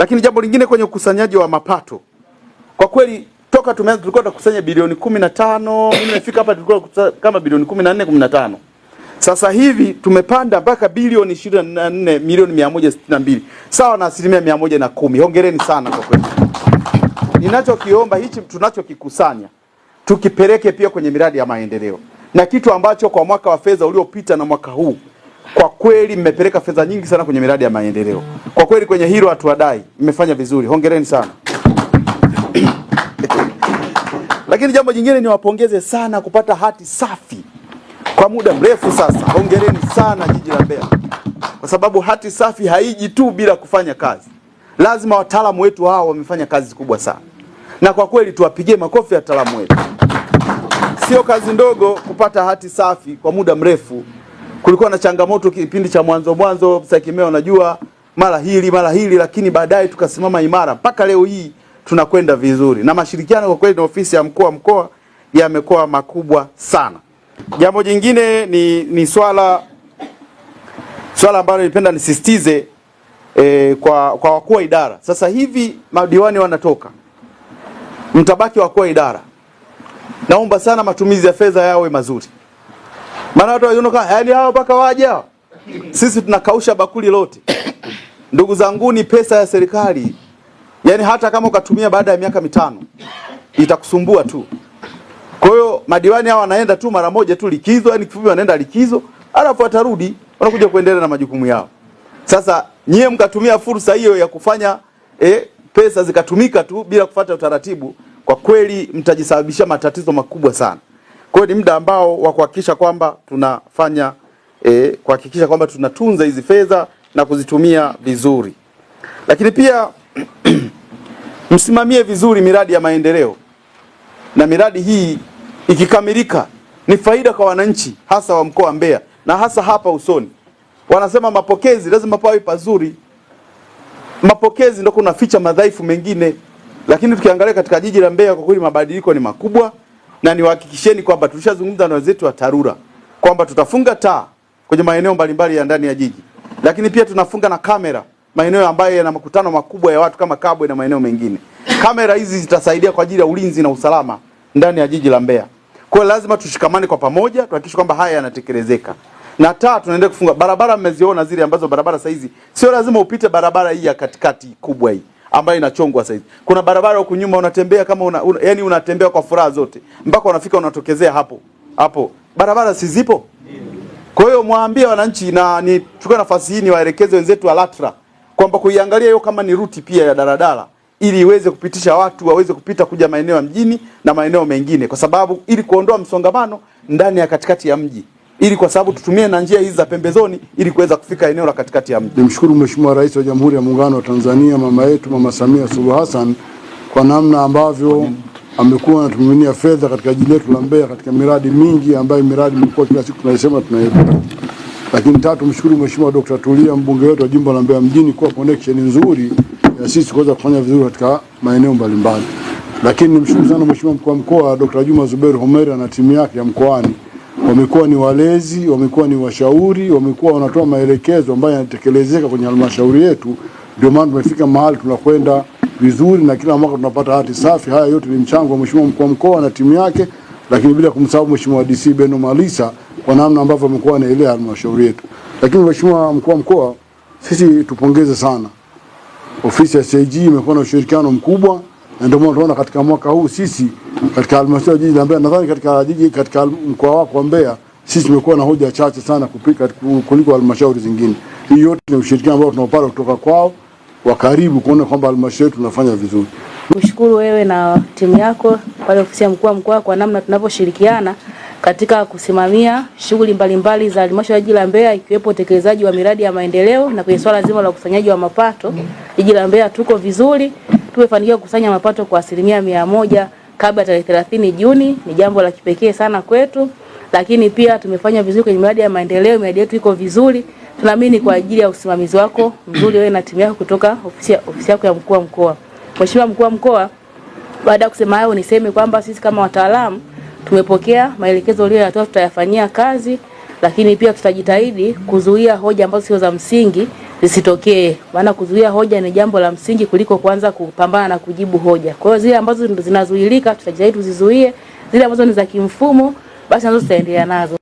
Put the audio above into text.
Lakini jambo lingine kwenye ukusanyaji wa mapato, kwa kweli toka tumeanza tulikuwa tunakusanya bilioni 15, mimi nimefika hapa tulikuwa kama bilioni 14 15. Sasa hivi tumepanda mpaka bilioni 24 milioni 162, sawa na asilimia 110. Hongereni sana kwa kweli. Ninachokiomba hichi tunachokikusanya tukipeleke pia kwenye miradi ya maendeleo, na kitu ambacho kwa mwaka wa fedha uliopita na mwaka huu kwa kweli mmepeleka fedha nyingi sana kwenye miradi ya maendeleo. Kwa kweli kwenye hilo hatuwadai, mmefanya vizuri, hongereni sana. Lakini jambo jingine niwapongeze sana kupata hati safi kwa muda mrefu sasa. Hongereni sana jiji la Mbeya, kwa sababu hati safi haiji tu bila kufanya kazi, lazima wataalamu wetu hao wamefanya kazi kubwa sana, na kwa kweli tuwapigie makofi wataalamu wetu. Sio kazi ndogo kupata hati safi kwa muda mrefu kulikuwa na changamoto kipindi cha mwanzo mwanzo, Syokimau unajua, mara hili mara hili, lakini baadaye tukasimama imara mpaka leo hii tunakwenda vizuri, na mashirikiano kwa kweli na ofisi ya mkuu wa mkoa yamekuwa makubwa sana. Jambo jingine ni, ni swala swala ambalo nipenda nisisitize eh, kwa kwa wakuu wa idara. Sasa hivi madiwani wanatoka, mtabaki wakuu wa idara, naomba sana matumizi ya fedha yawe mazuri. Maana watu wanaona yani hao mpaka waje hao. Sisi tunakausha bakuli lote. Ndugu zangu, ni pesa ya serikali. Yaani hata kama ukatumia baada ya miaka mitano itakusumbua tu. Kwa hiyo madiwani hao wanaenda tu mara moja tu likizo, yani kifupi wanaenda likizo, alafu watarudi wanakuja kuendelea na majukumu yao. Sasa nyie mkatumia fursa hiyo ya kufanya eh, pesa zikatumika tu bila kufata utaratibu, kwa kweli mtajisababishia matatizo makubwa sana. Kwa hiyo ni muda ambao wa kuhakikisha kwamba tunafanya e, kuhakikisha kwamba tunatunza hizi fedha na kuzitumia vizuri, lakini pia msimamie vizuri miradi ya maendeleo, na miradi hii ikikamilika ni faida kwa wananchi, hasa wa mkoa wa Mbeya na hasa hapa Usoni. Wanasema mapokezi lazima pawe pazuri. Mapokezi ndio kuna ficha madhaifu mengine, lakini tukiangalia katika jiji la Mbeya, kwa kweli mabadiliko ni makubwa na niwahakikisheni kwamba tulishazungumza na wenzetu wa TARURA kwamba tutafunga taa kwenye maeneo mbalimbali ya ndani ya jiji, lakini pia tunafunga na kamera maeneo ambayo yana makutano makubwa ya watu kama Kabwe na maeneo mengine. Kamera hizi zitasaidia kwa ajili ya ulinzi na usalama ndani ya jiji la Mbeya. Kwa lazima tushikamane kwa pamoja tuhakikishe kwamba haya yanatekelezeka. Na taa tunaendelea kufunga barabara, mmeziona zile ambazo barabara saizi sio lazima upite barabara hii ya katikati kubwa hii ambayo inachongwa sasa hivi. Kuna barabara huko nyuma unatembea kama una, una, yani unatembea kwa furaha zote mpaka unafika unatokezea hapo hapo, barabara si zipo? Kwa hiyo mwaambie wananchi, na nichukue nafasi hii niwaelekeze wenzetu wa LATRA kwamba kuiangalia hiyo kama ni ruti pia ya daladala ili iweze kupitisha watu waweze kupita kuja maeneo ya mjini na maeneo mengine, kwa sababu ili kuondoa msongamano ndani ya katikati ya mji ili kwa sababu tutumie na njia hizi za pembezoni ili kuweza kufika eneo la katikati ya mji. Nimshukuru Mheshimiwa Rais wa Jamhuri ya Muungano wa Tanzania, mama yetu Mama Samia Suluhu Hassan kwa namna ambavyo amekuwa anatumiminia fedha katika jiji letu la Mbeya katika miradi mingi ambayo miradi mikubwa kila siku tunaisema tunairuka. Lakini tatu, mshukuru Mheshimiwa Dr. Tulia mbunge wetu wa jimbo la Mbeya mjini kwa connection nzuri ya sisi kuweza kufanya vizuri katika maeneo mbalimbali. Lakini nimshukuru sana Mheshimiwa mkuu wa mkoa Dr. Juma Zuberi Homera na timu yake ya mkoani wamekuwa ni walezi, wamekuwa ni washauri, wamekuwa wanatoa maelekezo ambayo yanatekelezeka kwenye halmashauri yetu. Ndio maana tumefika mahali tunakwenda vizuri na kila mwaka tunapata hati safi. Haya yote ni mchango wa mheshimiwa mkuu wa mkoa na timu yake, lakini bila kumsahau mheshimiwa DC Beno Malisa kwa namna ambavyo amekuwa anaelea halmashauri yetu. Lakini mheshimiwa mkuu wa mkoa, sisi tupongeze sana ofisi ya CAG imekuwa na ushirikiano mkubwa ndio maana katika mwaka huu sisi katika halmashauri jiji la Mbeya, nadhani katika jiji katika mkoa wako wa Mbeya, sisi tumekuwa na hoja chache sana kupika kuliko halmashauri zingine. Hii yote ni ushirikiano ambao tunaopata kutoka kwao wa karibu, kuona kwamba halmashauri tunafanya vizuri. Mshukuru wewe na timu yako pale ofisi ya mkuu wa mkoa kwa namna tunavyoshirikiana katika kusimamia shughuli mbalimbali za halmashauri ya jiji la Mbeya ikiwepo utekelezaji wa miradi ya maendeleo na kwenye swala zima la ukusanyaji wa mapato. Jiji la Mbeya tuko vizuri tumefanikiwa kukusanya mapato kwa asilimia mia moja kabla tarehe 30 Juni, ni jambo la kipekee sana kwetu, lakini pia tumefanya vizuri kwenye miradi ya maendeleo. Miradi yetu iko vizuri, tunaamini kwa ajili ya usimamizi wako mzuri wewe na timu yako kutoka ofisi, ofisi yako ya mkuu wa mkoa. Mheshimiwa mkuu wa mkoa, baada ya kusema hayo, niseme kwamba sisi kama wataalamu tumepokea maelekezo uliyoyatoa, tutayafanyia kazi, lakini pia tutajitahidi kuzuia hoja ambazo sio za msingi zisitokee, maana kuzuia hoja ni jambo la msingi kuliko kuanza kupambana na kujibu hoja. Kwa hiyo zile ambazo zinazuilika tutajitahidi tuzizuie, zile ambazo ni za kimfumo basi nazo tutaendelea nazo.